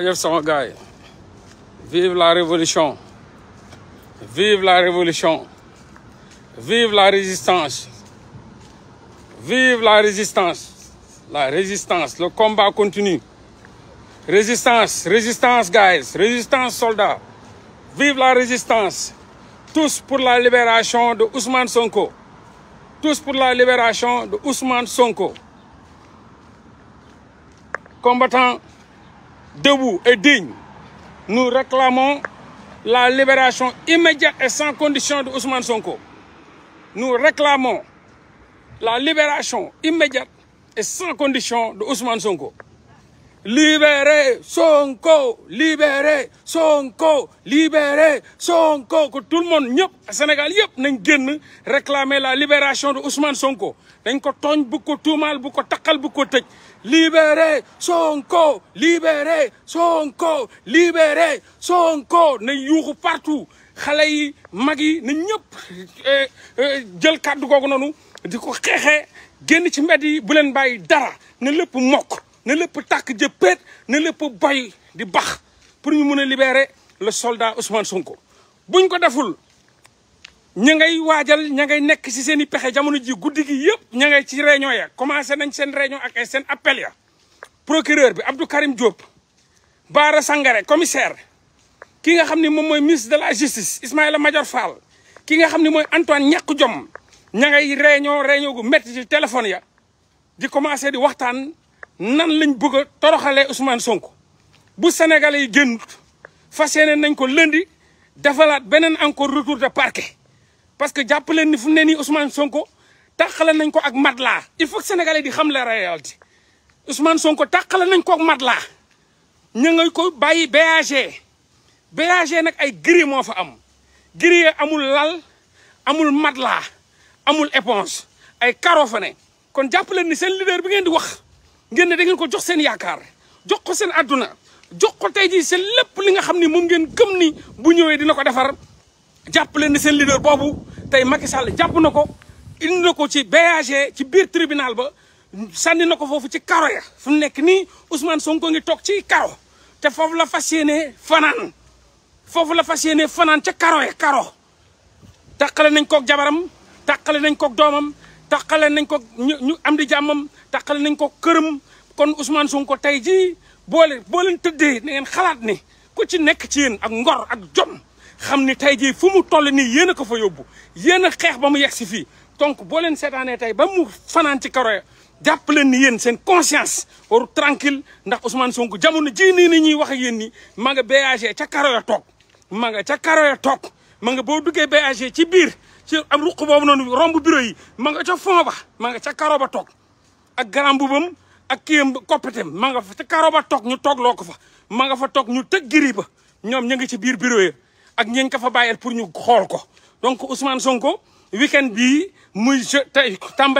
gars vive la révolution vive la révolution vive la résistance vive la résistance la résistance le combat continue résistance résistance guys résistance soldats vive la résistance tous pour la libération de Ousmane Sonko tous pour la libération de Ousmane Sonko combattants debout et digne, nous réclamons la libération immédiate et sans condition de Ousmane Sonko. Nous réclamons la libération immédiate et sans condition de Ousmane Sonko. Libérez Sonko, libérez Sonko, libérez Sonko. Que tout le monde, ñëpp Sénégal yop, réclamer la libération de Ousmane Sonko dañ ko beaucoup bu ko beaucoup bu beaucoup, libéré Sonko libéré Sonko libéré Sonko na yuuxu partout xale yi mag yi na ñëpp eh, eh, jël kàddu googu noonu di ko xeexee génn ci mbedd yi bu leen bàyyi dara na lépp mokk na lépp tàkk jëppeet na lépp bay di bax pour ñu mun a libérer le soldat Ousmane Sonko buñ ko deful ña ngay waajal ña ngay nekk ci seeni pexé jamono ji guddigi gi yëpp ngay ci réunion ya commencé nañ seen réunion ak ay seen appel ya procureur bi Abdou Karim Diop Bara Sangare commissaire ki nga xamni mom moy ministre de la justice Ismaïla Madior Fall ki nga xamni moy Antoine ñak jom ña ngay réunion réunion gu metti ci téléphone ya di commencé di waxtaan nan lañ bëgg toroxalé Ousmane Sonko bu Sénégalais yi génn fas nañ ko lundi défalat benen encore retour de parquet parce que jàpp leen ni fu ne nii Ousmane Sonko tàqale nañ ko ak matelas il faut que sénégalais di xam la réalité Ousmane Sonko tàqale nañ ko ak matelas ña ngay ko bayyi BAG BAG nak ay gri mo fa am gri ya amul lal amul madla, amul éponge ay caro fa ne kon jàpp leen ni sen leader bi ngeen di wax ngeen ne da ngeen ko jox sen yaakaar jox ko sen aduna jox ko tay jii seen lepp li nga xamni ni ngeen gëm ni bu ñëwee dina ko défar jàpp leen ni sen leader bobu tey Macky Sall jàpp na ko indi na ko ci BAG ci biir tribunal ba sànni na ko foofu ci karo ya fu mu nekk nii Ousmane Sonko ngi toog ci karo te foofu la fas yéenee fanaan foofu la fas yéenee fanaan ca karo ya karo tàqale nañ koog jabaram tàqale nañ koog doomam tàqale nañ ko ñu am di jàmmam tàqale nañ ko këram kon Ousmane ko tey ji boole boo leen tëddee na ngeen xalaat ni ku ci nekk ci yéen ak ngor ak jom xamni tay ji fumu toll ni yena ko fa yobbu yena xex ba mu yegg si fii donc boo leen seetaanee tey ba mu fanaan ci karo ya, japp len ni yeen sen conscience war tranquille ndax Ousmane Sonko jamono ji ni ni ñi wax ak yeen ni ma nga BAG ci karo ya ma nga ci karo ya ma nga bo duggé BAG ci bir ci am ruq bobu non romb bureau yi ma nga ci fond ba ma nga ci karo ba tok ak grand bubam ak kiyam copetem ma nga fa karo ba tok ñu tok loko fa ma nga fa tok ñu tegg giri ba ñom ñi nga ci bir bureau ya ak ñeñ ka fa bàyyeel pour ñu xol ko donc Ousmane Sonko weekend bi, muy tay tey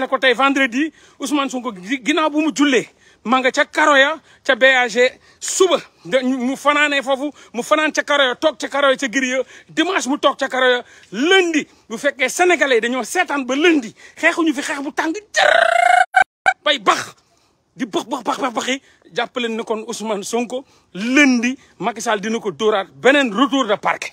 ko tay vendredi Ousmane Sonko ginaaw bu mu julé ma nga ca karoya ca BAG suba mu fanaanee fofu mu fanan ca karoya tok ca karoya ca giriya dimanche mu tok ca karoya lundi bu fekkee sénégalais dañoo sétane ba lundi ñu fi xeex bu tang bay bax di bax bax bax bax baxi jàppaleen ne kon Ousmane Sonko lundi makissal Sall dina benen dóoraat beneen retour de parquet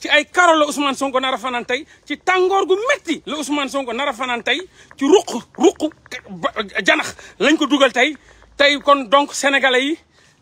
ci ay karo la Ousmane Sonko nar a fanaan tey ci tàngoor gu métti la Ousmane Sonko nar a fanaan tey ci ruq ruq janax lañ ko dugal tey tey kon donc sénégalais yi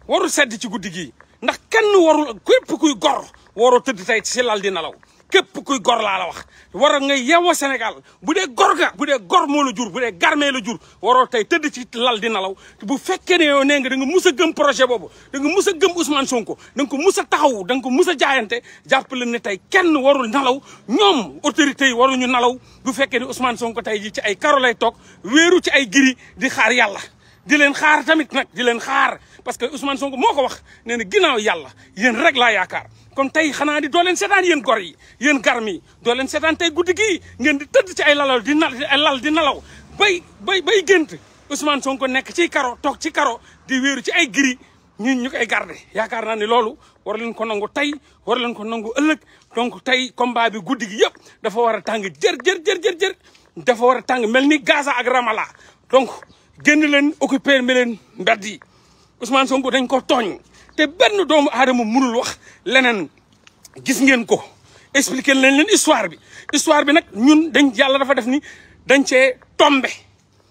warul sedd ci guddi gi ndax kenn warul képp kuy gor waroo tëdd tey ci si lal di nelaw képp koy gor laa la wax war nga yeewoo Sénégal bu dee gor ga bu dee gor moo la jur bu dee garmee la jur waroo tey tëdd ci lal di nalaw bu fekkee ne yow nee nga da nga mus a gëm projet boobu da nga mus gëm Ousmane Sonko da nga ko mus taxaw da nga ko mus a jaayante jàpp leen ne tey kenn warul nalaw ñoom autorités yi ñu nalaw bu fekkee ne Ousmane Sonko tey ji ci ay karo lay toog wéeru ci ay giri di xaar yàlla di leen xaar tamit nag di leen xaar parce que Ousmane Sonko moo ko wax nee na ginnaaw yàlla yéen rek laa yaakaar kon tey xanaa ni doo leen seetaan yéen gor yi yéen garmi doo leen seetaan tey guddi gii ngeen di tëdd ci ay lalaw di na lal di nalaw bay bay bay gént Ousmane ko nekk ci karo toog ci karo di wéeru ci ay giri ñun ñu koy garde yaakaar naa ni loolu war leen ko nangu tey war leen ko nangu ëllëg donc tey combat bi guddi gi yëpp dafa war a tàng jër jër jër jër dafa war a tàng mel ni Gaza ak Ramallah donc génn leen occupé mi leen mbedd yi Sonko dañ ko tooñ te benn doomu aadama munul wax leneen gis ngeen ko expliqué nañ leen histoire bi histoire bi nag ñun dañ yàlla dafa def ni dañ cee tombe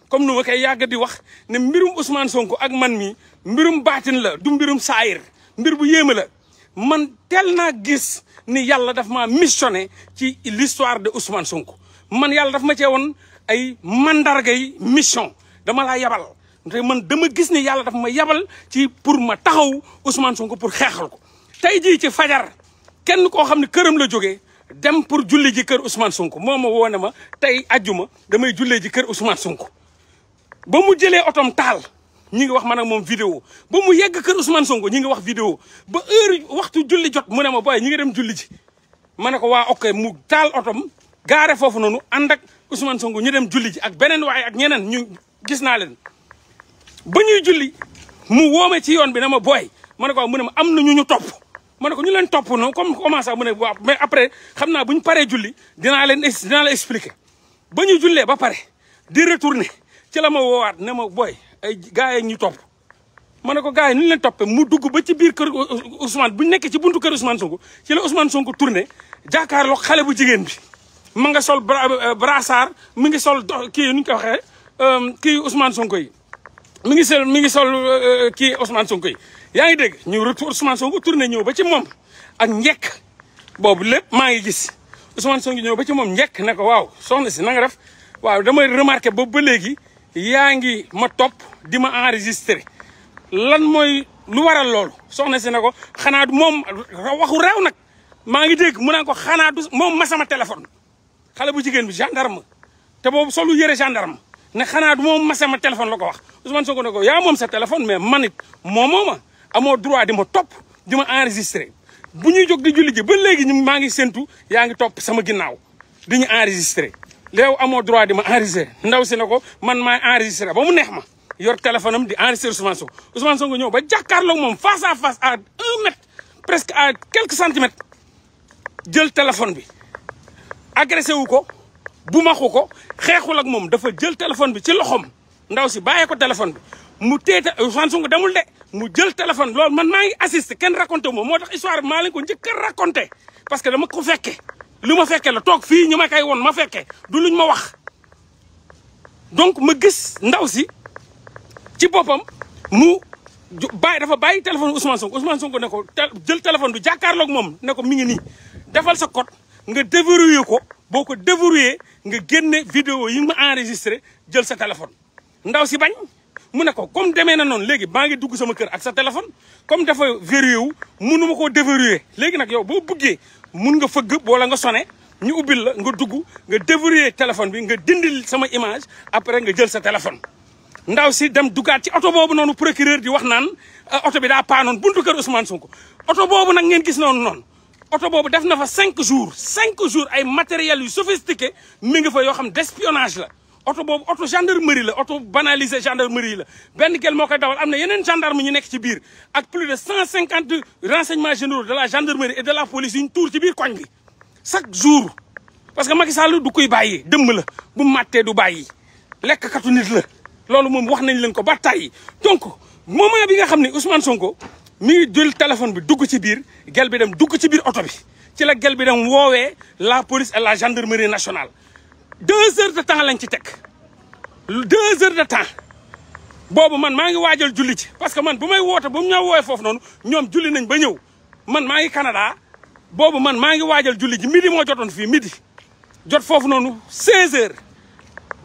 comme nu ma koy yàgg di wax ne mbirum Ousmane Sonko ak man mi mbirum baatin la du mbirum saayir mbir bu yéeme la man teel naa gis ni yàlla daf ma missionné ci l'histoire de Ousmane Sonko man yàlla daf ma cee woon ay mandarga yi mission dama laa yabal te man dama gis ni yàlla dafa ma yabal ci pour ma taxaw Ousmane Sonko pour xeexal ko tey ji ci fajar kenn koo xam ne këram la jóge dem pour julli ji kër Ousmane Sonko moo ma woo ne ma tey ajjuma damay jullee ji kër Ousmane Sonko ba mu jëlee otom taal ñi ngi wax man ak moom vidéo ba mu yegg kër Ousmane Sonko ñi ngi wax vidéo ba heure waxtu julli jot mu ne ma booy ñi ngi dem julli ji ma ne ko waa ok mu taal otom gaare foofu noonu ànd ak Ousmane Sonko ñu dem julli ji ak beneen waaye ak ñeneen ñu gis naa leen ba ñuy julli mu woome ci yoon bi na ma booy ma ne ko mu ne ma am na ñu ñu topp ma ne ko ñu leen topp na comme commencé mu ne waaw mais après xam naa bu ñu paree julli dinaa leen dinaa la expliquer ba ñu jullee ba pare di retourner ci la ma woowaat ne ma booy ay gars ñu topp ma ne ko gars yi ni leen toppee mu dugg ba ci biir kër Ousmane bu ñu nekkee ci buntu kër Ousmane Sonko ci la Ousmane Sonko tourné jàkkaarloo xale bu jigéen bi ma nga sol brassard mi ngi sol kii nu ñu ko waxee euh, kii Ousmane Sonko yi mi ngi sol mi ngi sol kii Ousmane yaa ngi dégg ñu retour Ousmane Sonko tourné ñëw ba ci moom ak njekk boobu lépp maa ngi gis Ousmane Sonko ñëw ba ci moom njekk ne ko waaw soxna si na nga def waaw damay remarqué boobu ba léegi yaa ngi ma topp di ma enregistré lan mooy lu waral loolu soxna si ne ko xanaa du moom waxu réew nag maa ngi dégg mu naan ko xanaa du moom ma sama téléphone xale bu jigéen bi gendarme te boobu solu yëre gendarme ne xanaa du ma mase ma téléphone la ko wax Ousmane Sonko ne ko yaa moom sa téléphone mais man it moo moo ma amoo droit di ma topp di ma enregistré bu ñuy jóg di julli ji ba léegi ñu maa ngi séntu yaa ngi topp sama ginnaaw di ñu enregistré léew amoo droit di ma enregistré ndaw si ne ko man maay enregistré ba mu neex ma yor téléphone am di enregistré Ousmane Sonko Ousmane Sonko ñëw ba jàkkaarloog moom face à face à un mètre presque à quelques centimètres jël téléphone bi agressé wu ko buma maxu ko xeexul ak mom dafa jël téléphone bi ci loxom ndaw si baye ko téléphone bi mu tété Ousmane Sonko demul de mu jël téléphone loolu man maa ngi assisté kenn raconté mo motax histoire ma maa ko njëkk raconté parce que dama ko féké luma féké la tok fi ñuma kay won ma féké du luñ ma wax donc ma gis ndaw si ci bopam mu baye dafa baye téléphone Ousmane Sonko Ousmane Sonko ne ko jël téléphone du jàkkaarloog moom ne ko mi ngi nii defal sa code nga déverrouiller ko boko ko déverrouiller nga génne vidéo yi nga ma enregistré jël sa téléphone ndaw si bañ mu ne ko comme demee na noon léegi maa ngi dugg sama kër ak sa téléphone comme dafa verrouillé wu mënu ma koo déverrouillé léegi nag yow boo buggee mun nga fëgg boola nga sone ñu ubbil la nga dugg nga déverrouillé téléphone bi nga dindil sama image après nga jël sa téléphone ndaw si dem duggaat ci oto boobu noonu procureur di wax naan ah, oto bi daa paanoon buntu kër Ousmane Sonko oto boobu nag ngeen gis noonu noonu oto boobu def nafa 5 jours 5 jours ay matériel yu sophistiqué mi nga fa yo xam d'espionnage la auto boobu auto gendarmerie la auto banaliser gendarmerie la ben quel moo koy dawal amna yenen gendarme ñu nek ci biir ak plus de cent renseignements généraux de la gendarmerie et de la police une ñu tuur ci biir koñ bi chaque jour parce que Macky Sall du koy bayyi dëmm la bu maté du lek lekkkatu nit la lolu mom wax nañ leen ko bataille. donc moment bi nga xamni Ousmane Sonko mi dul téléphone bi dugg ci biir gel bi dem dugg ci biir auto bi ci la gel bi dem wowe la police et la gendarmerie nationale deux heures de temps lañ ci tek deux heures de temps bobu man maa ngi waajal julli ci parce que man bu may woote bu mu ñoo non foofu noonu ñoom julli nañ ba ñew man maa ngi Canada bobu man maa ngi waajal julli ji midi mo jotone fi midi jot fofu non seize heures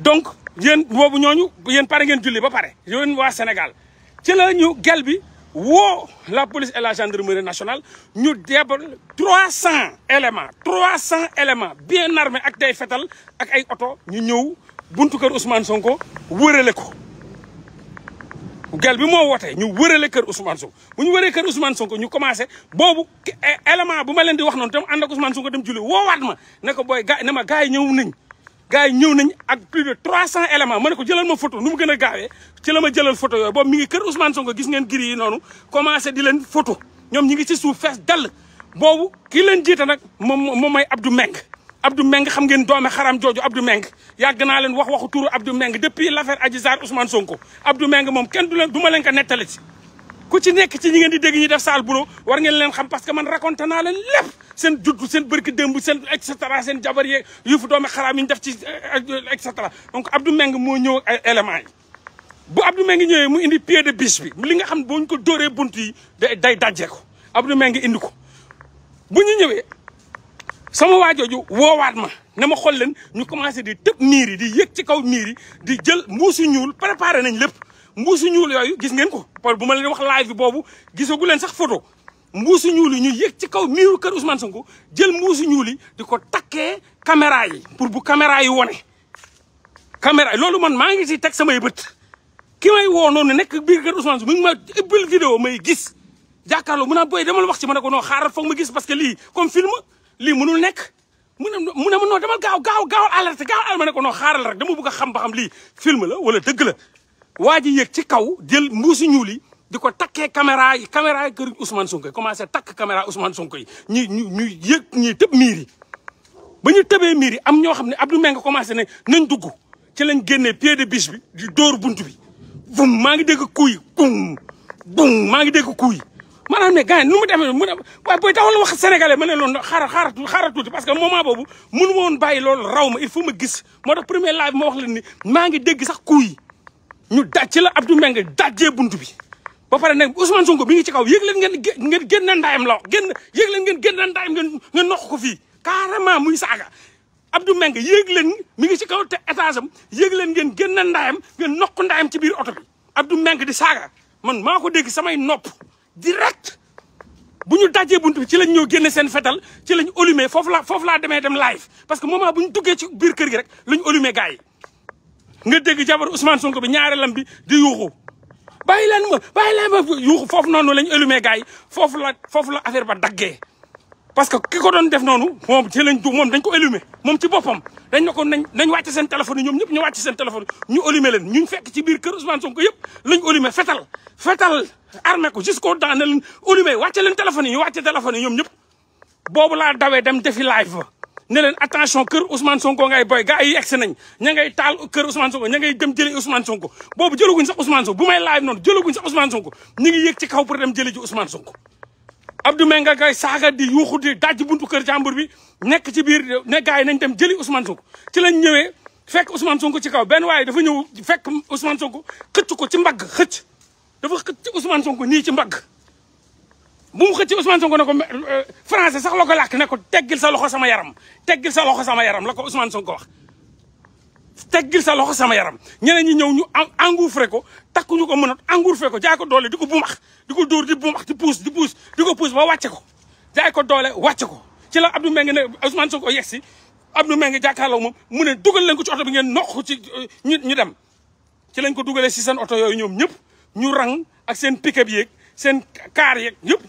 donc yéen bobu ñoñu yéen pare ngeen julli ba paré yéen waa Sénégal ci la ñu gel bi Wow, la police et la gendarmerie nationale nous débal 300 éléments 300 éléments bien armés nous, nous, fetal nous, Nous nous ñu nous, buntu Ousmane Sonko nous ko Gal, nous nous, nous nous Nous Ousmane Sonko Nous Ousmane Sonko nous commencé nous, eh, élément nous, di wax tam nous, Ousmane Sonko dem gars yi ñëw nañ ak plus de 300 éléments ma ne ko jëlal ma photo nu mu gën a gaawee ci la ma jëlal photo yooyu boobu mi ngi kër Ousmane Sonko gis ngeen giri yi noonu commencé di leen photo ñoom ñi ngi ci suuf fees dell boobu kii leen jiite nag moom moom mooy Meng Abdou Meng xam ngeen doome xaram jooju Abdou Meng yàgg naa leen wax waxu turu Abdou Meng depuis l'affaire Adji Sarr Ousmane Sonko Abdou Meng moom kenn du leen du ma leen ko nettali ci ku ci nek ci ñi ngeen di dégg ñi def sal boulot war ngeen leen xam parce que man raconté na leen lepp seen juddu seen bërki démb seen et cetera seen jabar yu fu doomi xaram yi def ci et cetera donc Abdou Meng mo ñew ay bu Abdou Meng ñewé mu indi pied de biche bi li nga xam boo ko doré buntu yi day dajé ko Abdou Meng indi ko bu ñu ñewé sama waajooju woowaat ma ne ma xool leen ñu commencé di tepp miri di yek ci kaw miri di jël mbuusu ñuul préparé nañ lepp mbuusu ñuul yooyu gis ngeen ko par bu ma leen wax live bi boobu gisagu leen sax photo mbuusu ñuul yi ñu yëg ci kaw miiru kër Ousmane ko jël mbuusu ñuul yi di ko takkee caméra yi pour bu caméra yi wone caméra loolu man maa ngi ci teg samay bët ki may woo noonu nekk biir kër Ousmane Sonko mi ma ëbbal vidéo may gis jàkkaarloo mu naan booy demal wax ci ma ne ko non xaaral foog ma gis parce que lii comme film lii mënul nekk mu ne mu ne ma non gaaw gaaw gaaw alerte gaaw ma ko non xaaral rek dama bëgg a xam ba lii film la wala dëgg la waa ji yëg ci kaw jël mbuusi ñuul yi di ko takkee caméra yi kër Ousmane Sonko yi commencé takk caméra Ousmane Sonko yi ñu ñu yëg ñuy tëb miir yi ba ñu tëbee miir yi am ñoo xam ne Abdou nga commencé ne nañ dugg ci lañ génnee pied de biche bi di dóor bunt bi bum maa ngi dégg kuy bum bum maa ngi dégg kuy maanaam ne gars yi nu mu demee mu ne waaye booy taxawal wax sénégalais ma ne loolu xaaral xaaral xaaral parce que moment boobu mënu ma woon bàyyi loolu raw ma il faut ma gis moo tax premier live ma wax leen maa ngi dégg sax kuy ñu daj ci la Abdou Mbengue dajee bunt bi ba pare nag Ousmane Sonko mi ngi ci kaw yëg leen ngeen ngeen génne ndaayam la wax génn yëg leen ngeen génne ndaayam ngeen ngeen noq ko fii carrément muy saaga Abdou Mbengue yéeg leen mi ngi ci kaw te étage am yéeg leen ngeen génne ndaayam ngeen noq ndaayam ci biir oto bi meng Mbengue di saaga man maa ko dégg samay nopp direct bu ñu dajee bunt bi ci lañ ñëw génne seen fetal ci lañ allumé foofu la foofu laa demee dem live parce que moom bu ñu duggee ci biir kër gi rek lañ allumé gars yi nga dégg jabar Ousmane Sonko bi ñaareelam bi di yuuxu bàyyi leen ma bàyyi leen ma yuuxu foofu noonu la ñu allumé gars foofu la foofu la affaire ba daggee. parce que ki ko doon def noonu moom ci lañ moom dañ ko allumé moom ci boppam dañ ne ko nañ nañ wàcc seen téléphone ñoom ñëpp ñu wàcc seen téléphone ñu allumé leen ñu fekk ci biir kër Ousmane Sonko yëpp lañ allumé fetal fetal armé ko jusqu'au temps ne leen allumé wàcce leen téléphone yi ñu wàcce téléphone yi ñoom boobu laa dawee dem defi live ba ne attention kër Ousmane Sonko ngay boy gars yi egsi nañ ña taal kër Ousmane Sonko ña ngay dem jëli Ousmane Sonko boobu jëlaguñ sax Ousmane Sonko bu may live noonu jëlaguñ sax Ousmane Sonko ñu ngi yëg ci kaw pour dem jëli ji Ousmane Sonko Abdou Mbengue ngay saaga di yuuxu di dajji buntu kër jàmbur bi nekk ci biir ne gars yi nañ dem jëli Ousmane Sonko ci lañ ñëwee fekk Ousmane Sonko ci kaw benn waaye dafa ñëw fekk Ousmane Sonko xëcc ko ci mbag xëcc dafa xëcc Ousmane Sonko nii ci mbagg bu mu xëcc Ousmane Sonko ne ko euh, français sax la ko làkk ko teggil sa loxo sama yaram teggil sa loxo sama yaram la ko Ousmane Sonko wax. teggil sa loxo sama yaram ñeneen ñi ñëw ñu engouffré ko takkuñu ko mënat engouffré ko jaay ko doole di ko bumax di ko dóor di bumax di puus di puus di ko puus ba wàcce ko. jaay ko doole wàcce ko ci la Abdou Mbengue ne Ousmane Sonko yegg si Abdou Mbengue jàkkaarloo moom mu ne dugal leen ko ci oto bi ngeen noq ci euh, ñu ñu dem. ci lañ ko dugalee si seen oto yooyu ñoom ñëpp ñu rang ak seen pick-up yeeg seen kaar yëpp.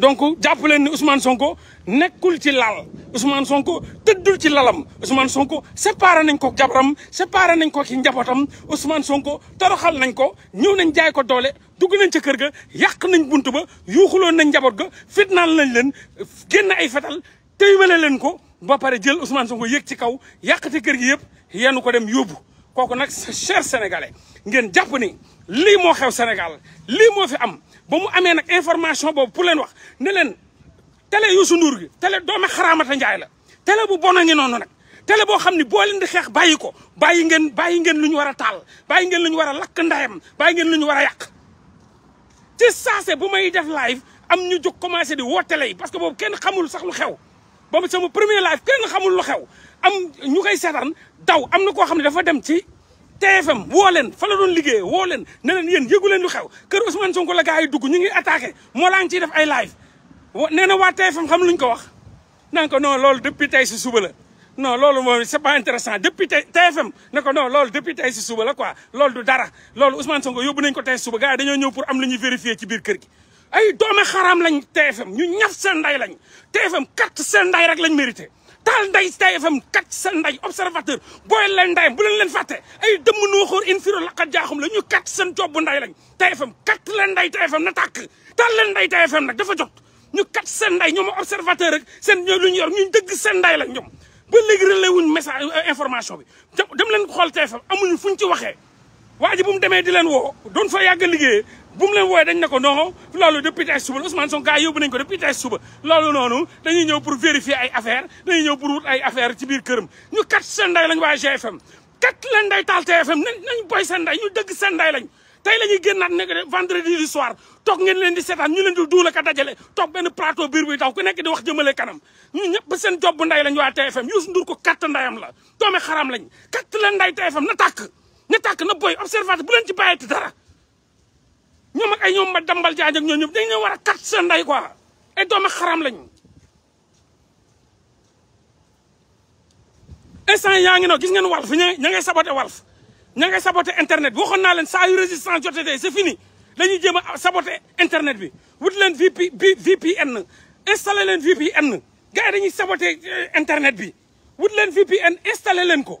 donc jàpp leen ni Ousmane Sonko nekkul ci lal Ousmane Sonko tëddul ci lalam Ousmane Sonko séparé nañ ko jabaram séparé nañ ko ci njabootam Ousmane Sonko toroxal nañ ko ñëw nañ jaay ko doole dugg nañ ca kër ga yàq nañ bunt ba yuuxuloon nañ njaboot ga fitnaal nañ leen génn ay fetal téymale leen ko ba pare jël Ousmane Sonko yëg ci kaw yàq ci kër gi yëpp yenu ko dem yóbbu kooku nag cher sénégalais ngeen jàpp ni lii moo xew Sénégal lii moo fi am ba mu amee nag information boobu pour leen wax ne leen télé Youssou Ndour gi télé doomi xaraamata njaay la tele bu bon a ngi noonu nag télé boo xam ni boo leen di xeex bàyyi ko bàyyi ngeen bàyyi ngeen lu ñu war a taal bàyyi ngeen lu ñu war a lakk ndayam bàyyi ngeen lu ñu war a yàq ci saase bu may def live am ñu jóg commencé di woo télé yi parce que boobu kenn xamul sax lu xew boobu sama premier live kenn xamul lu xew am ñu koy seetaan daw am na koo xam ne dafa dem ci TFM woo leen fa la doon liggéeyee woo leen ne leen yéen yëgu leen lu xew kër Ousmane Sonko la gars yi dugg ñu ngi attaqué moo laa ngi ciy def ay live nee na waa TFM xam luñ ko wax naan ko non loolu depuis tey si suba la non loolu moom c'est pas intéressant depuis tey TFM loolu depuis tey si suba la quoi loolu du dara loolu Ousmane Sonko yóbbu nañ ko tey suba gars yi dañoo ñëw pour am lu ñuy vérifier ci biir kër gi ay doome xaraam lañ TFM ñu ñaf seen nday lañ TFM kat seen nday rek lañ mérité taal nday tay fm kat sa nday observateur booy leen ndayam bu leen leen fàtte ay dëmm nooxóor in firo laqat jaaxum la ñu kat seen job bu nday lañ tay fm kat leen ndey tay fm na tàkk taal leen nday tay nag dafa jot ñu kat seen ndey ñoom observateur rek seen lu ñu yor ñu dëgg seen nday lañ ñoom ba léegi relais wuñ message euh, information bi dem leen xool tay fm amuñu ñu ci waxee waa ji demee di leen woo doon fa yàgg liggéeyee bu mu leen wooyee dañ ne ko non loolu depuis tey suba Ousmane Sonko yóbbu nañ ko depuis tey suba loolu noonu dañuy ñëw pour vérifier ay affaire dañuy ñëw pour wut ay affaire ci biir këram ñu kat seen nday lañ waa GFM kat leen nday taal TFM nañ boy seen nday ñu dëgg seen nday lañ tey la ñuy génnaat nekk vendredi di seetaan ñu leen di duula ka dajale toog benn plateau biir buy taw ku nekk di wax jëmale kanam ñu ñëpp seen jobb nday lañ waa TFM Youssou Ndour ko katt ndayam la doome xaram lañ katt leen nday TFM na tàkk na tàkk na boy observateur bu leen ci bàyyeti dara ñoom ak ay ñoom ma dambal jaaj ak ñoom ñëpp dañ leen war a kat seen ndey quoi ay doomu xaram lañ instant yaa ngi no gis ngeen walf ña ña ngay saboté walf ña ngay saboté internet waxoon naa leen saa yu resistance jote tey c'est fini dañuy jéem a saboté internet bi wut leen VPN installé leen VPN gars yi dañuy saboté euh, internet bi wut leen VPN installé leen ko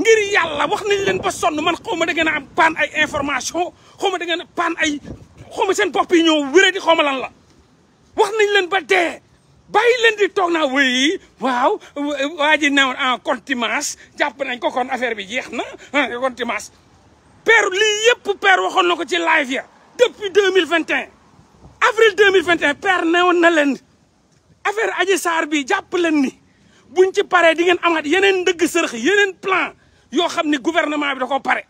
ngir yàlla wax nañ leen ba sonn man xaw ma da a am paan ay information xaw ma da ngeen a paan ay xaw ma seen bopp yi ñoo wéré di xaw ma lan la wax nañ leen ba dee bàyyi leen di toog naa wéy waaw waa ji newoon en contumace jàpp nañ ko kon affaire bi jeex na contumace père lii yëpp père waxoon na ko ci live ya depuis deux mille vingt et un avril deux mille vingt et un père na leen affaire aji saar bi jàpp leen ni buñ ci paree di ngeen amaat yeneen ndëgg sërëx yeneen plan Yo, xam gouvernement bi da ko paré,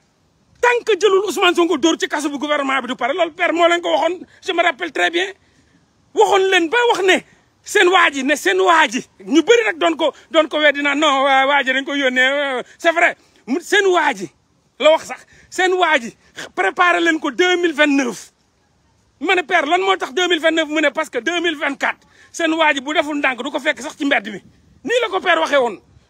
tant que jëlul Ousmane Sonko dóor ci kaso bu gouvernement bi du paré. lol père mo len ko waxone je me rappelle très bien waxone len ba wax ne sen waji né ne waji ñu bari nak don ko don ko weddi non waji dañ ko yónnee euh, c'est vrai sen waji la wax sax sen waji préparer len ko 2029 mané père lan mo tax 2029 mu né parce que 2024 sen waji bu deful ndank du ko fekk sax ci mbedd mi ni la ko père waxé won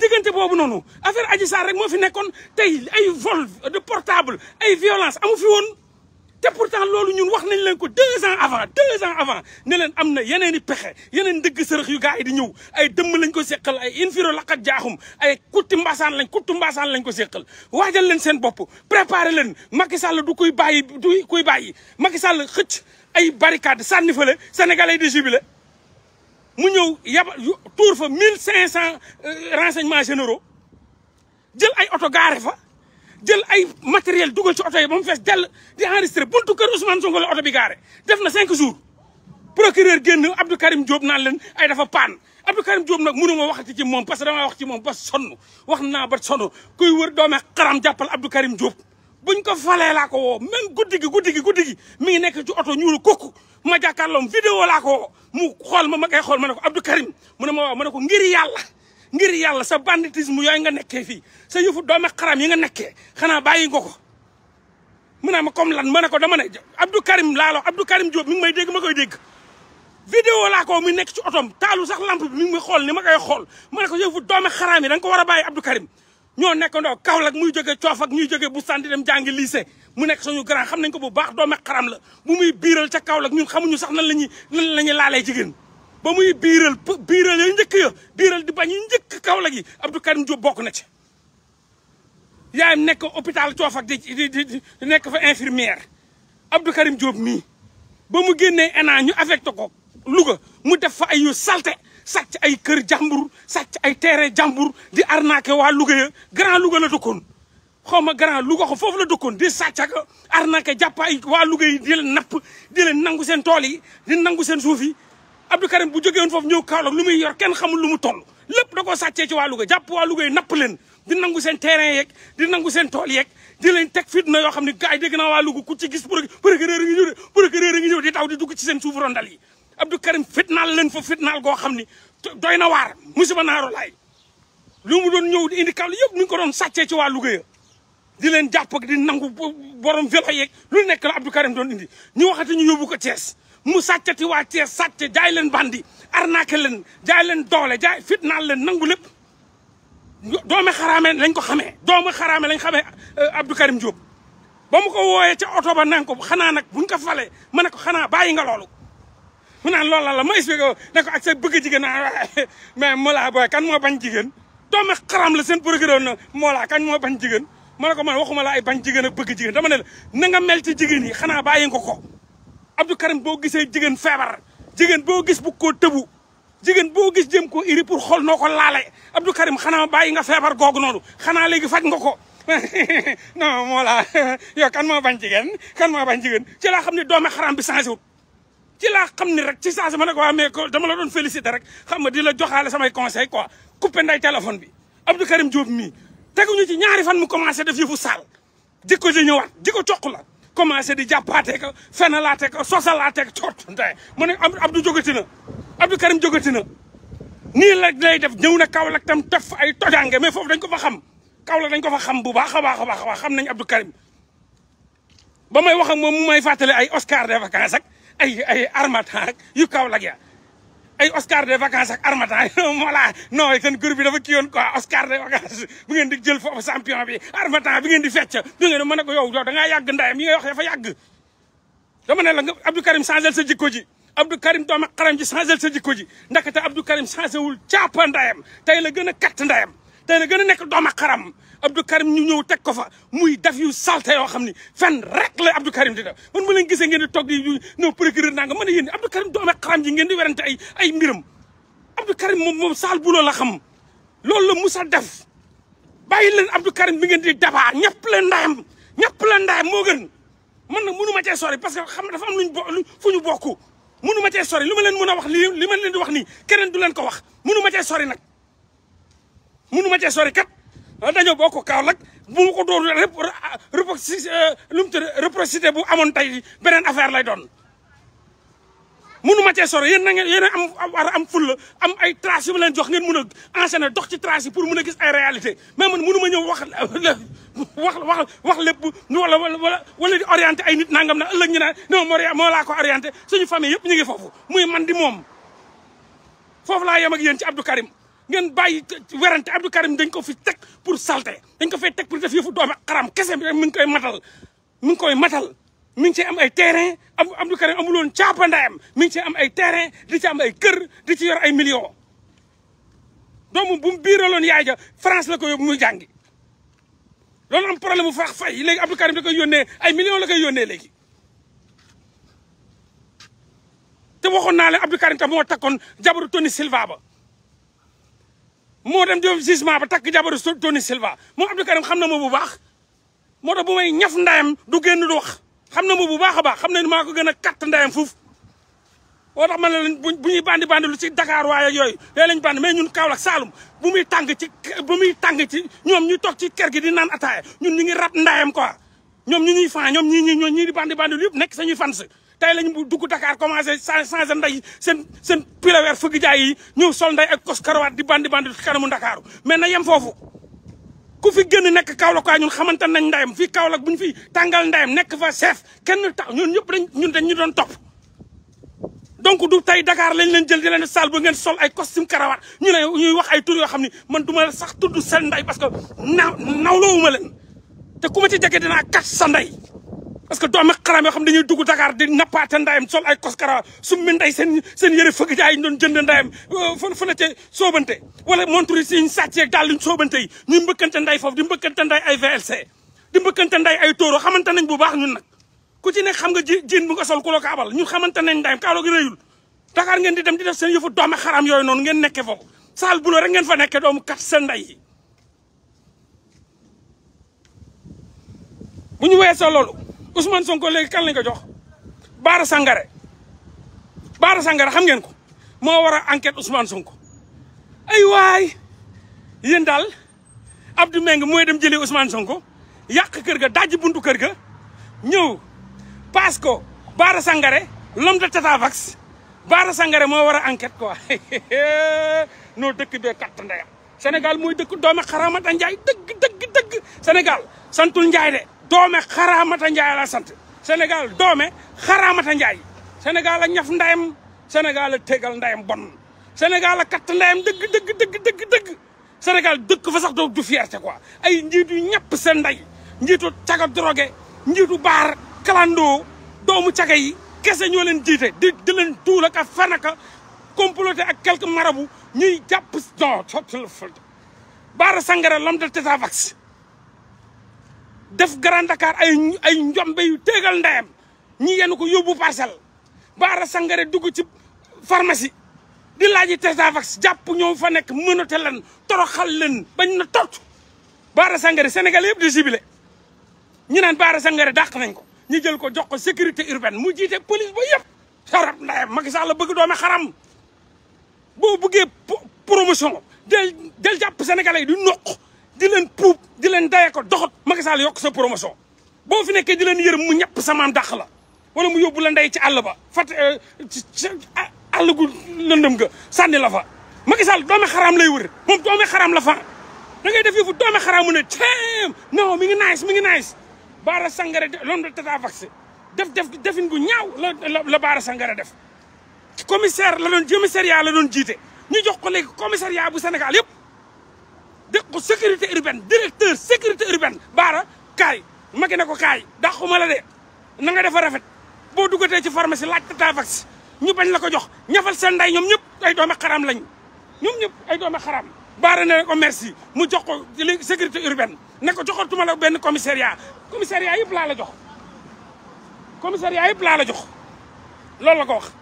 diggante bobu noonu affaire Adji sar rek mo fi nekkoon tay ay vol de portable ay violence amu fi won té pourtant lolu ñun wax nañ leen ko 2 ans avant 2 ans avant ne leen amna yeneeni pexé yeneen dëgg sërëx yu gaay di ñëw ay dëmm lañ ko sékkal ay infiro laqat jaaxum ay kutti mbassane lañ kutti mbassane lañ ko sékkal wajal leen seen bop préparé leen Macky Sall du koy bayyi du koy bayyi Macky Sall xëcc ay barricade sanni fële sénégalais di jubilé mu ñëw yaba tuur fa mille cinq cent euh, renseignements généraux jël ay oto gaare fa jël ay matériel dugal ci oto yi ba mu fees dell di enregistré buntu kër Ousmane Sonko la oto bi gaare def na cinq jours procureur génn Abdou Karim Diop naan leen ay dafa paan Abdou Karim Diop nag mënu ma waxati ci moom parce que damaa wax ci moom ba sonn wax naa ba sonn kuy wër doome xaram jàppal Abdou Karim Diop buñ ko falee laa ko woo même guddi gi guddi gi mi ngi nekk ci oto ñuulu kooku ma jàkkaarloom vidéo laa ko mu xool ma ma xool ma ne ko Abdou Karim mu ne ma waaw ma ne ko ngir yàlla ngir yàlla sa banditisme yooyu nga nekkee fii sa yëfu doomu xaram yi nga nekkee xanaa bàyyi nga ko mu ne ma comme lan ma ne ko dama ne Abdou Karim laalo Abdou Karim Diop mi ngi may dégg ma koy dégg vidéo laa ko mu nekk ci otoom taalu sax lamp bi mi xool ni ma koy xool ma ne ko yëfu doomu xaraam yi da nga war a bàyyi Abdou Karim ñoo nekk ndoo Kaolack muy jógee coof ak ñuy jógee bu sandi dem jàngi lycée mu nek suñu grand xam nañ ko bu baax doomu xaram la bu muy biral ca Kaolack ñun xamuñu sax nan lañuy nan lañuy laalé jigen ba muy biral biral ya ñëk ya biral di bañ ñëk njëkk Kaolack yi Abdou Karim jo bokk na ci yaayam nek hôpital Coofak di di nek fa infirmière Abdou Karim job mi ba mu génné ENA ñu affecté ko luga, mu def fa ay yu salté sacc ay kër jambour sacc ay terre jambour di arnaqué wa luga ya grand luga la dëkkoon xaw ma grand Louga ko foofu la dëkkoon di sàcc ak arnaque jàpp ay waa Louga di leen napp di leen nangu seen tool yi di nangu seen suuf yi Abdou Karim bu jógee woon foofu ñëw Kaolack lu muy yor kenn xamul lu mu toll lépp da koo sàccee ci waa Louga jàpp waa Louga napp leen di nangu seen terrain yeeg di nangu seen tool yeeg di leen teg fitna yoo xam ne gars yi dégg naa waa Louga gis procureur ngi ñëw di daw di dugg ci seen suuf rondal yi Abdou Karim fitnaal leen fa fitnaal xam ne doy na waar musiba naaro laay lu mu doon ñëw di indi Kaolack yëpp mi ko doon sàccee ci waa Louga di leen jàpp ak di nangu borom vélo yeeg lu nekk la Abdou Karim doon indi ñu waxati ñu yóbbu ko cees mu sàccati waa Thiès sàcc jaay leen bandi arnaqué leen jaay leen doole jaay fitnaal leen nangu lépp doomi xaraame lañ ko xamee doomi xaraame lañ xamee euh, Abdou Karim Diop ba mu ko wooyee ca oto ba nan ko xanaa nag buñ ko falee ma nekk ko xanaa bàyyi nga loolu mu naan lool la ma expliqué ko ne ko ak sa jigéen a ah, mais Mollah Boy kan moo bañ jigéen doome xaram la seen programme na kan bañ jigéen ma ne ko man waxuma la ay bañ jigéen ak bëgg jigéen dama ne nanga na nga mel ci jigéen yi xanaa bàyyi nga ko Abdou Karim boo gisee jigéen feebar jigéen boo gis bu ko tëbu jigéen boo gis jëm ko iri pour xool noo ko laale Abdou Karim xanaa bàyyi nga feebar googu noonu xanaa léegi faj nga ko non moo la yow kan moo bañ jigéen kan moo bañ jigéen ci laa xam ne doomu xaram bi changé wut ci la xam ne rek ci saa si ma ne ko waa mais dama la doon félicité rek xam nga di la joxaale samay conseil quoi téléphone bi Abdou Karim Diop mii teguñu ci ñaari fan mu commencé def yëfu sal jikko ji ñëwaat jikko coq la commencé di jàppaatee ko fenalaatee ko sosalaatee ko cootunte mu ne Abdou jógati na Abdou Karim jógati na nii la lay def ñëw na Kaolack tam def ay tojange mais foofu dañ ko fa xam Kaolack dañ ko fa xam bu baax a baax a xam nañ Abdou Karim ba may wax ak moom mu may fàttali ay Oscar de vacances ay ay armatan ak yu Kaolack ya ay Oscar de vacances ak Armatan voilà non seen groupe bi dafa kii yoon quoi Oscar de vacances bu ngeen di jël foofu champion bi Armatan bi ngeen di fecc bi ngeen mën a ko yow yow da ngaa yàgg yi nga wax dafa yàgg. dama ne la nga Abdou Karim changé sa jikko ji Abdou Karim doomu xaram ji changé sa jikko ji ndaxte Abdou Karim changé wul caapa ndayam tey la gën a katt ndayam tey la gën a nekk doomu xaram Abdou Karim ñu ñëw teg ko fa muy def yu salté yoo xam ni fenn rek la Abdou Karim di def man ma leen gisee ngeen di toog di ñëw procureur naa a yéen Abdou Karim doome xaram ji ngeen di werante ay ay mbiram Abdou Karim moom moom saal bu a xam loolu la Moussa def bàyyi leen Abdou Karim bi ngeen di dabaa ñëpp la ndayam ñëpp la ndayam moo gën man nag mënu ma sori parce que xam ne dafa am luñ bo fu ñu bokk mënu ma cee sori li ma leen mën a wax li li ma leen di wax nii keneen du leen ko wax mënu ma cee sori nag mënu sori kat boko kaw nak bu ma ko doon réciprocité eh, bu amoon tay benen affaire lay don munu ma ci sori yeen na ngeen am war am ful am ay trace yu len jox ngeen mun a enchaîner dox ci trace yi pour mun gis ay réalité même munu ma ñew wax wax wax wax lépp wala wala wala di orienter ay nit nangam na ëllëg ñu naan non mo la ko orienter suñu famille yëpp ñi ngi fofu muy man di mom fofu la yam ak yeen ci Abdou Karim. ngeen bàyyi werante Abdou Karim dañ ko fi teg pour salté dañ ko fay teg pour def yëfu doomu xaram kese mi ngi koy matal mi ngi koy matal mi ngi ci am ay terrain am Abdou Karim amuloon caapandaayam mi ngi ci am ay terrain di ci am ay kër di ci yor ay millions doomu bu mu biiraloon yaay ja France la ko yóbbu muy jàngi loolu am problème mu faax fay léegi Abdou Karim da koy yónnee ay millions la koy yónnee léegi te waxoon naa leen Abdou Karim tam moo takkoon jabaru Tony Silva ba moo dem jëm gisement ba takk jabaru Tony Silva moom Abdou Karim xam na ma bu baax moo tax bu may ñaf ndayam du génn du wax xam na ma bu baax a baax xam na ni maa ko gën a katt foofu moo tax man la bu ñuy bandi bandi lu ci Dakar waaye yooyu yooyu lañ bandi mais ñun Kaolack Saalum bu muy tàng ci muy tàng ci ñoom ñuy toog ci kër gi di naan ataaya ñun ñu ngi rab ndayam quoi ñoom ñu ñuy fan ñoom ñii ñi ñoo ñii di bandi bandi lu yëpp nekk sañuy fans tey lañ bu dugg dakaar commencé changé nday seen seen pilaweer fëgg jaay yi ñëw sol nday ak kos karawaat di bandi bandi kanamu Ndakaaru mais na yem foofu ku fi gën nekk Kaolack waa ñun xamante nañ ndayam fii Kaolack bu ñu fi tàngal ndayam nekk fa chef kenn tax ñun ñëpp dañ ñun dañ ñu doon topp donc du tey dakaar lañ leen jël di leen saal bu ngeen sol ay costume karawaat ñu ne ñuy wax ay tur yoo xam ne man du ma sax tudd seen nday parce que na nawloowuma leen te ku ma ci jege dinaa kat sa nday parce que doomu xaram yoo xam dañuy dugg Dakar di nappaate ndayam sol ay koskara summi nday seen seen yëre fëgg jaay ñu doon jënd ndayam fa euh, fa la ca soobante wala montre siñ sàcceeg daal luñ soobante yi ñuy mbëkkante nday foofu di mbëkkante nday ay VLC di mbëkkante nday ay tóoro xamante nañ bu baax ñun nag ku ci nekk xam nga ji jiin bu nga sol ku la ko abal ñun xamante nañ ndayam kaaloo gi réyul Dakar ngeen di dem di def seen yëfu doomu xaram yooyu non ngeen nekke foofu sal bulo rek ngeen fa nekke doomu kat sen nday yi bu ñu weesoo loolu Ousmane Sonko léegi kan ko jox Baara Sangare Baara Sangare xam ngeen ko moo war a enquête Ousmane Sonko ay waay yéen daal Abdou Meng mooy dem jëlee Ousmane Sonko yàq kër ga dajji buntu kër ga ñëw paas ko Baara Sangare l'homme de Tatavax Baara Sangare moo war a enquête quoi noo dëkk bee katt ndeyam Sénégal mooy dëkk doome xaramata Njaay dëgg dëgg dëgg Sénégal santul Njaay de doome xaraamata njaay la sant Sénégal doome xaraamata njaay Sénégal a ñaf ndayam Sénégal a tegal ndayam bon Sénégal a katt ndayam dëgg dëgg dëgg Sénégal dëkk fa sax doo du fierté quoi ay njiit yu ñëpp seen nday njiitu caga drogué njiitu baar kalandoo doomu caga yi ñoo leen jiite di di leen tuul ak a fen ak a comploté ak quelques marabu ñuy jàpp non baara sangara lam de teta vax def Grand Dakar ay ay njombe yu téegal ñi yenu ko yóbbu parcelle Baara Sangare dugg ci pharmacie di laaji Testavax jàpp ñoo fa nekk mënate leen toroxal leen bañ na tort Baara Sangare Sénégal yëpp di jubilé ñu naan Baara Sangare dàq nañ ko ñu jël ko jox ko sécurité urbaine mu jiite police ba yëpp sarab ndeyam Macky Sall bëgg doome xaram boo bëggee promotion del del jàpp sénégalais yi du noq di leen puub di leen daye ko doxat Macky yokk sa promotion boo fi nekkee di leen yërëm mu ñepp sa maam la wala mu yóbbu la ndey ci àll ba fat euh, àll gu lëndëm nga sànni la fa Macky Sall doomi xaraam lay wër moom doomi xaram la fa da ngay def yëfu doomi xaraam mu ne ceem non mi ngi nice mi ngi nice Baara Sangare loolu la tata vaccé def def defin gu ñaaw la la Baara Sangare def commissaire la doon commissariat la doon jiite ñu jox ko léegi commissariat bu Sénégal yëpp de dëkku sécurité urbaine directeur sécurité urbaine baara kaay magi ne ko kaay dàquma la de na nga defa rafet boo duggatee ci pharmacie laaj ta vax ñu bañ la ko jox ñafal seen nday ñoom ñëpp ay doomi xaraam lañ ñoom ñëpp ay doomi xaraam baara ne ko merci mu jox ko léegi sécurité urbaine ne ko joxatuma la benn commissariat commissariat yëpp laa la jox commissariat yëpp laa la jox loolu la ko wax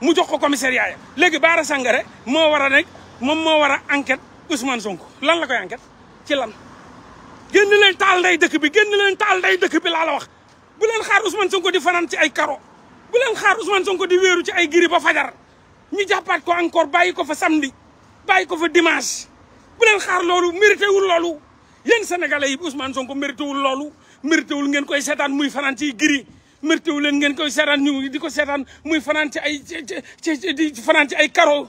mu jox ko commissariat ya léegi baara sangare moo war a nekk moom moo war a enquête Ousmane Sonko lan la koy enquête ci lan génn len tal ndey dëkk bi génn len tal ndey bi la la wax bu len xaar Ousmane Sonko di fanan ci ay karo bu len xaar Ousmane Sonko di wëru ci ay giri ba fajar ñu jappat ko encore bayiko fa samedi bayiko fa dimanche bu len xaar lolu mérité wul lolu yeen sénégalais yi Ousmane Sonko mérité wul lolu mérité wul ngeen koy sétan muy fanan ci giri mérité wul len ngeen koy sétan ñu diko sétan muy fanan ci ay ci ci ay karo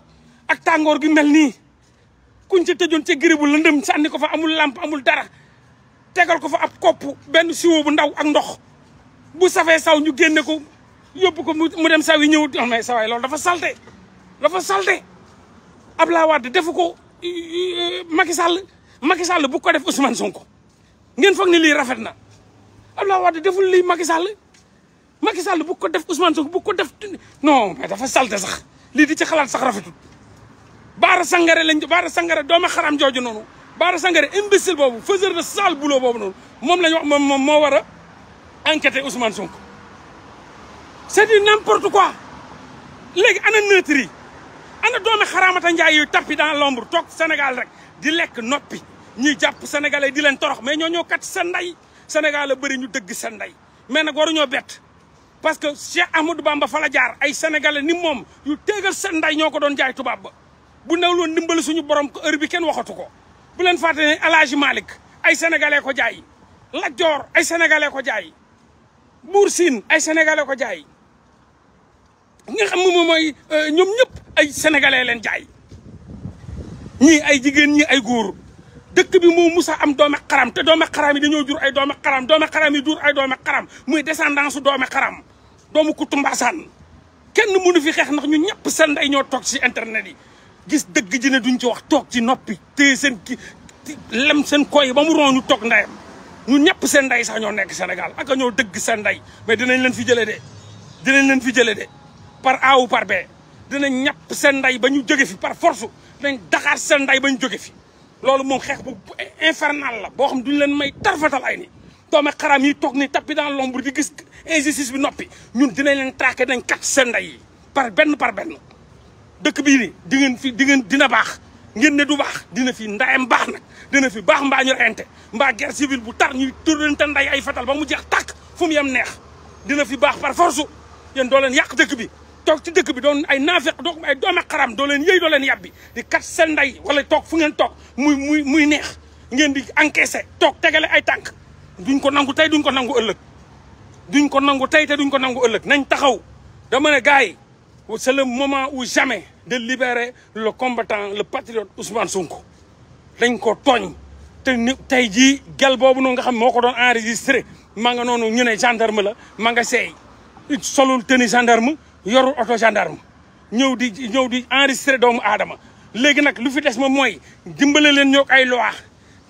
ak tangor gi melni. kuñ ci tëjoon ci giri bu lëndëm sànni ko fa amul làmp amul dara tegal ko fa ab kopp benn siwo bu ndaw ak ndox bu safee saw ñu génne ko yóbbu ko mu dem saw yi ñëw non mais sawaay loolu dafa salte dafa salte Abdoulaye Wade defu ko Macky Sall Macky Sall bu ko def Ousmane Sonko ngeen foog ne lii rafet na Abdoulaye Wade deful lii Macky Sall Macky Sall bu ko def Ousmane Sonko bu ko def non mais dafa salte sax lii di ci xalaat sax rafetul Baara Sangare lañ Baara Sangare doomu xaram jooju noonu Baara Sangare imbécile boobu faiseur de sale boulot boobu noonu moom lañ wax moom moom moo war a enquêter Ousmane Sonko. c'est quoi léegi ana neutre yi ana doomu xaraamata njaay yuy tappi dans l'ombre toog Sénégal rek di lekk noppi ñuy jàpp sénégalais di leen torox mais ñoo ñoo kat sa ndey Sénégal bëri ñu dëgg sa ndey mais nag ñoo bett. parce que Cheikh Ahmadou Bamba fa la jaar ay sénégalais ni moom yu tegal sa ndey ñoo ko doon jaay tubaab ba. bu new loon suñu borom ko heure bi kenn waxatu ko bu leen fàtte ne El Hadj ay sénégalais ko jaay Lat Dior ay sénégalais ko jaay Buur Siin ay sénégalais ko jaay nga xam moom mooy euh, ñoom ñëpp ay sénégalais jaay ñii ay jigéen ñii ay góor dëkk bi mu musa am doome xaram te a xaram yi dañoo jur ay doome xaram doome xaram yi jur ay doome xaram muy descendance su doome xaram doomu Kutumbaasaan kenn mënu fi xeex ndax ñu ñëpp seen nday ñoo toog ci internet yi. gis dëgg ji duñu ci wax toog ci noppi téye seen ki lem seen koy ba mu rooñu toog ndeyam ñu ñëpp seen ndey sax ñoo nekk Sénégal ak ñoo dëgg seen ndey mais dinañ leen fi jëlee de dinañ leen fi jëlee de par A par B dinañ ñàpp seen ndey ba ñu jóge fi par force dinañ daxaar seen ndey ba ñu jóge fi loolu moom xeex bu infernal la boo xam duñu leen may tarfatal ay ni doome xaram yi toog ni tappi dans l'ombre di gis injustice bi noppi ñun dinañ leen traqué dinañ kat seen ndey par benn par dëkk bii ni di ngeen fi dingeen dina baax ngeen ne du baax dina fi ndayam baax nag dina fi baax mbaa ñu reyante mbaa guerre civile bu tar ñuy turante nday ay fetal ba mu jeex tàkk fu mu yem neex dina fi baax par force yéen doo leen yàq dëkk bi toog ci dëkk bi doon ay naafeq doog ay doome xaram doo leen yëy doo leen yàbbi di kat seen nday wala toog fu ngeen toog muy muy muy neex ngeen di encaissé toog tegale ay tànk duñ ko nangu tey duñ ko nangu ëllëg duñ ko nangu tey te duñ ko nangu ëllëg nañ taxaw dama ne gars yi c'est le moment ou jamais de libérer le combattant le patriote Ousmane Sonko dañ ko tooñ te ni tey jii gel boobu noonu nga xam moo ko doon enregistré ma nga noonu ñu ne gendarme la ma nga seey solul tenue gendarme yorul oto gendarme ñëw di ñëw di enregistré doomu aadama léegi nag lu fi des ma mooy dimbale leen ñoog ay loi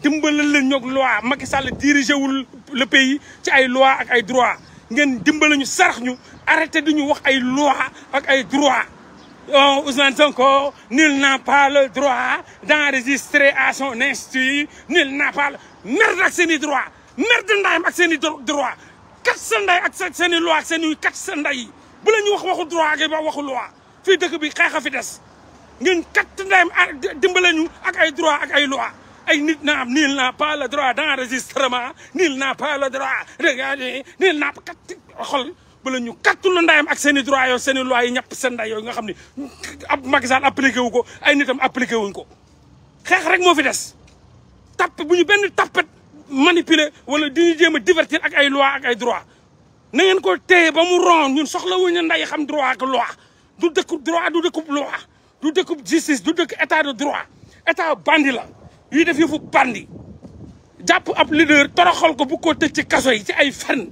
dimbale leen ñoog loi Macky Sall dirigé wul le pays ci ay loi ak ay droit ngeen dimbale ñu sarax ñu arrêté duñu wax ay loi ak ay droit Oh, Ousmane Sonko, nul n'a pas le droit d'enregistrer à son institut. Nul n'a pas le... Merde ak seeni droit. Merde ndaay ak seeni droit. kat sa nday ak seeni loi ak seeni kat sa nday bu la ñu wax waxu droit ak ba waxu loi fii dëkk bi xeex fi des ngeen kat ndayam dimbale ak ay droit ak ay loi ay nit na nul n'a pas le droit d'enregistrement nul n'a pas le droit regardez nul n'a pas kat xol bala ñu kattulu ndayam ak seen i droit yooyu seen i loi yi ñàpp seen nday nga xam ne ab Macky Sall wu ko ay nitam appliqué wuñ ko xeex rek moo fi des tapp bu ñu benn tappet manipuler wala di ñu jéem a divertir ak ay loi ak ay droit ngeen ko téye ba mu ron ñun soxla wuñ ne nday xam droit ak loi du dëkku droit du dëkkub loi du dëkkub justice du dëkk état de droit état bandi la yuy def yëfu bandi jàpp ab leader toroxal ko bu ko tëj ci kaso yi ci ay fen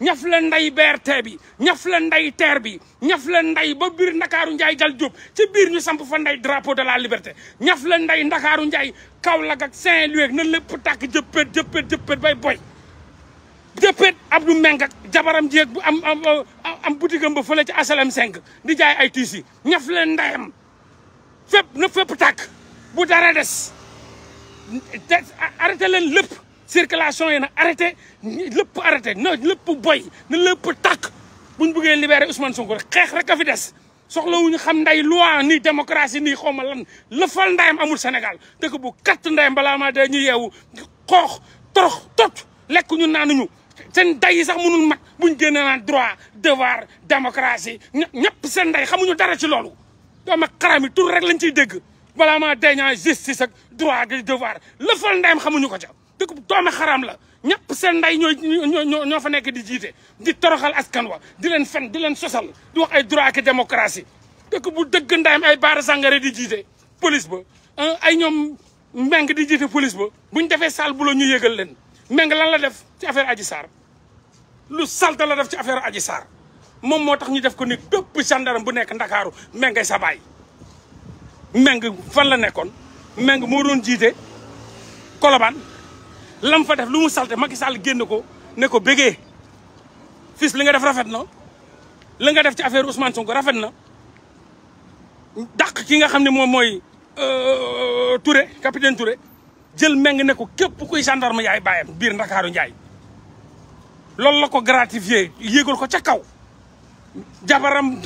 ñaf la nday BRT bi ñaf la nday TER bi ñaf la nday ba biir ndakaaru njaay jal jóob ci biir ñu samp fa nday drapeau de la liberte ñaf la nday ndakaaru njaay Kaolack ak Saint-Louis ak na lépp tàkk jëppét jëppét jëppét bay boy jëppét Abdou Meng jabaram jéeg bu am am ba fële ci HLM 5 di jaay ay tiis yi ñaf la ndayam fépp na fépp tàkk bu dara des arrêté leen circulation yi na arrêté lépp arrêté na lépp boy na lépp tàkk bu ñu buggee libéré Ousmane Sonko xeex rek a fi des ñu xam nday loi ni démocratie nii xaw ma lan lëfal ndayam amul senegal dëkk bu kat ndayam balaa ma day ñu yeewu xoox torox tot lekk ñu naanuñu seen day yi sax mënul mag buñ génne naan droit devoir démocratie ñëpp seen nday xamuñu dara si loolu doom ak xaram yi tur rek lañ ciy dégg balaa ma day ñaa justice ak droit ak devoir lëfal ndayam xamuñu ko ca dëkkub doomi xaraam la ñepp seen nday ñooy ñoo ñoo fa nek di jité di toroxal askan wa di len fen di len sosal di wax ay droit ak démocratie dëkk bu dëgg ndayam ay baara sangare di jité police ba ay ñom meng di jité police ba buñ défé sal bu lo ñu yëgal len meng lan la def ci affaire Adji sar lu da la def ci affaire Adji sar mom motax ñu def ko ni top gendarme bu nekk ndakaaru mengay sa bay meng fan la nekkon meng mo doon jité Colobane lam fa def lu mu salte Macky Sall génn ko ne ko bégee fils li nga def rafet na li nga def ci affaire Ousmane Sonko rafet na dàq ki nga xam ne moom mooy euh, Touré capitaine Touré jël meng ne ko képp kuy gendarme yaay bàyyam biir Ndakaaru Njaay loolu la ko gratifié yéegal ko ca kaw jabaram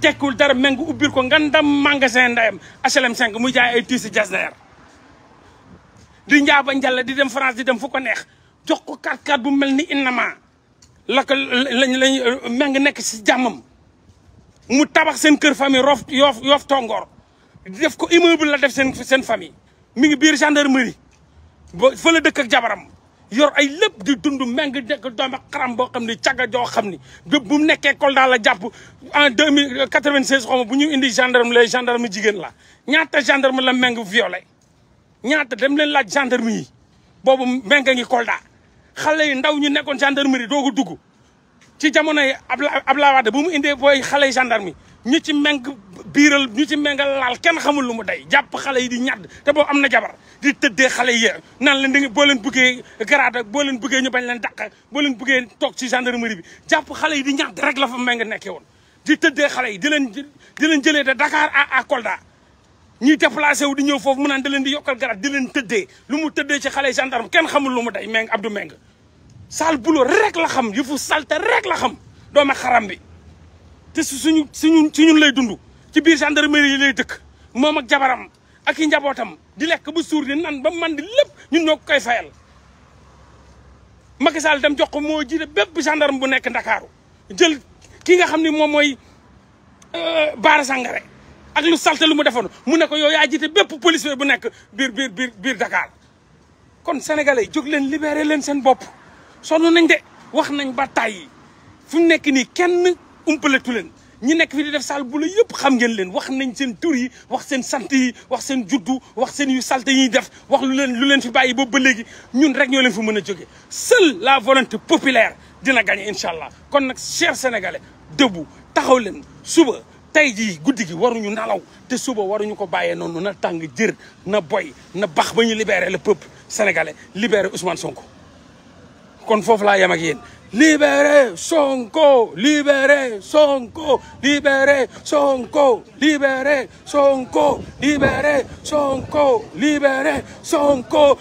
tekkul dara meng ubbil ko ngandam magasin ndayam HLM 5 muy jaay ay tiisi jasneer di njaaba njalla di dem France di dem fuko neex jox ko carte carte bu melni inama la ko lañ lañ meng nek si jàmmam mu tabax sen keur famille rof yoof yoof tongor def ko immeuble la def sen sen famille mi ngi bir gendarmerie fa la dekk ak jabaram yor ay lepp di dundu meng dekk doom ak xaram bo xamni ciaga jo xamni xam bu nekké col Kolda la japp en 2096 mille bu ñu indi gendarme les gendarmes jigen la ñaata gendarme la meng violer ñaata dem leen laaj gendarmerie yi boobu menga ngi Kolda xale yi ndaw ñu nekkoon gendarmerie doogu dugg ci jamonoy Abla Ablaye Wade bu mu indee booy xale yi gendarmerie ñu ci meng biiral ñu ci mengal laal kenn xamul lu mu day jàpp xale yi di ñadd te boobu am na jabar di tëddee xale yi nan leen di boo leen bëggee garaada boo leen bëggee ñu bañ leen dàq boo leen bëggee toog ci bi jàpp xale yi di ñadd rek la fa meng nekkee woon di tëddee xale yi di leen di leen jëlee de Dakar à à Kolda ñuy déplacé wu di ñëw foofu mu naan da leen di yokkal garab di leen tëddee lu mu tëddee ci xale gendarme kenn xamul lu mu day meng Abdou Meng sale boulot rek la xam yëfu salte rek la xam doome xaram bi te su suñu suñu si ñun lay dund ci biir gendarmerie yi lay dëkk moom ak jabaram ak i njabootam di lekk ba suur di nan ba man di ñun ñoo koy fayal Macky Sall dem jox ko moo jiite bépp gendarme bu nekk Ndakaaru jël ki nga xam ni moom mooy euh, Baara Sangaré ak lu salte lu mu defoon mu ne ko yow yaa jiite bépp policier bu nekk biir biir biir biir Dakar kon sénégalais yi jóg leen libéré leen seen bopp sonn nañ de wax nañ ba tàyyi fu nekk nii kenn umpaletu leen ñi nekk fi di def sal bu la yëpp xam ngeen leen wax nañ seen tur yi wax seen sant yi wax seen juddu wax seen yu salte yi def wax lu leen lu leen fi bàyyi boobu ba léegi ñun rek ñoo leen fi mën a jóge seule la volonté populaire dina gagné incha allah kon nag cher sénégalais debout taxaw leen suba tey jii guddi gi waruñu nalaw te suba waruñu ko bàyyee noonu na tàng jër na boy na bax ba ñu libérer la peuple sénégalais libérer Ousmane Sonko. kon foofu laa yem ak yéen libérer Sonko libérer Sonko libérer Sonko libérer Sonko libérer Sonko libérer Sonko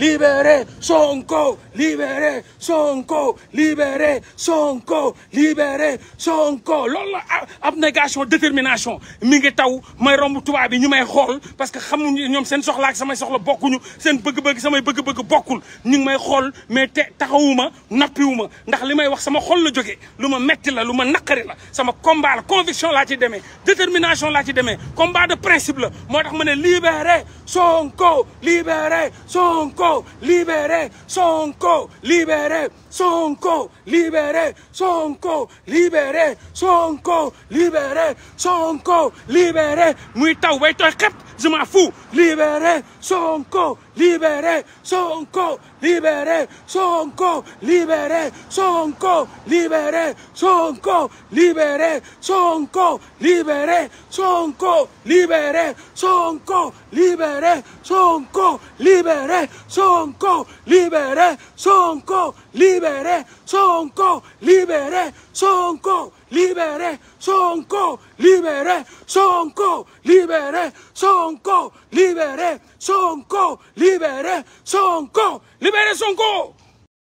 libérer Sonko. libéré Sonko libéré Sonko libéré Sonko loolu la abnégation détermination mi ngi taw may romb tubaab bi ñu may xool parce que xamuñu ñoom seen soxla ak samay soxla bokkuñu seen bëgg-bëgg samay bëgg-bëgg bokkul ñu may xool mais te taxawuma nappiwuma ndax li may wax sama xol la jóge lu ma metti la lu ma naqari la sama combat la conviction laa ci demee détermination laa ci demee combat de principe la moo tax ma ne libéré Sonko libéré Sonko libéré Sonko Sonko libéré Sonko libéré Sonko libéré Sonko libéré Sonko libéré muy taw bay tooy xepp je m'en fous libéré Sonko libere, sonco, libere, sonco, libere, sonco, libere, sonco, libere, sonco, libere, sonco, libere, sonco, libere, sonco, libere, sonco, libere, sonco, libere, sonco, libere, sonco, libere, sonco, libere, sonco, libere, sonco, libéré Sonko libéré Sonko libéré Sonko